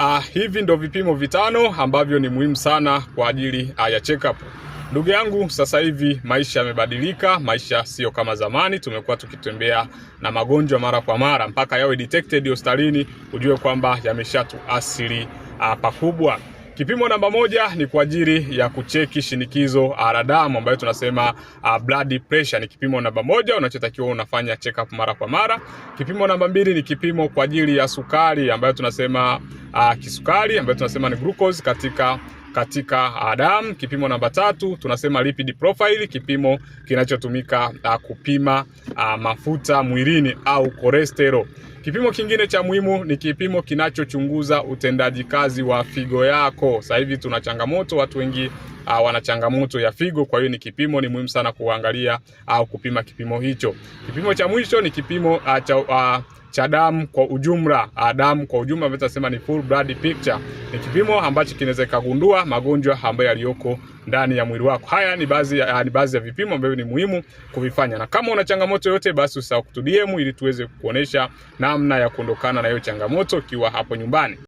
Uh, hivi ndo vipimo vitano ambavyo ni muhimu sana kwa ajili uh, ya check up. Ndugu yangu, sasa hivi maisha yamebadilika, maisha sio kama zamani. Tumekuwa tukitembea na magonjwa mara kwa mara, mpaka yawe detected hospitalini ujue kwamba yameshatuathiri uh, ah, pakubwa. Kipimo namba moja ni kwa ajili ya kucheki shinikizo la damu ambayo tunasema uh, blood pressure ni kipimo namba moja unachotakiwa unafanya check up mara kwa mara. Kipimo namba mbili ni kipimo kwa ajili ya sukari ambayo tunasema uh, kisukari ambayo tunasema ni glucose katika katika damu. Kipimo namba tatu tunasema lipid profile, kipimo kinachotumika ah, kupima ah, mafuta mwilini au cholesterol. Kipimo kingine cha muhimu ni kipimo kinachochunguza utendaji kazi wa figo yako. Sasa hivi tuna changamoto, watu wengi uh, wana changamoto ya figo. Kwa hiyo ni kipimo, ni muhimu sana kuangalia au kupima kipimo hicho. Kipimo cha mwisho ni kipimo uh, cha uh, cha damu kwa ujumla, ah, damu kwa ujumla tunaweza sema ni full blood picture. Ni kipimo ambacho kinaweza kugundua magonjwa ambayo yaliyoko ndani ya mwili wako. Haya ni baadhi ya, ah, ni baadhi ya vipimo ambavyo ni muhimu kuvifanya, na kama una changamoto yoyote, basi usahau kutudm ili tuweze kuonesha namna ya kuondokana na hiyo changamoto ukiwa hapo nyumbani.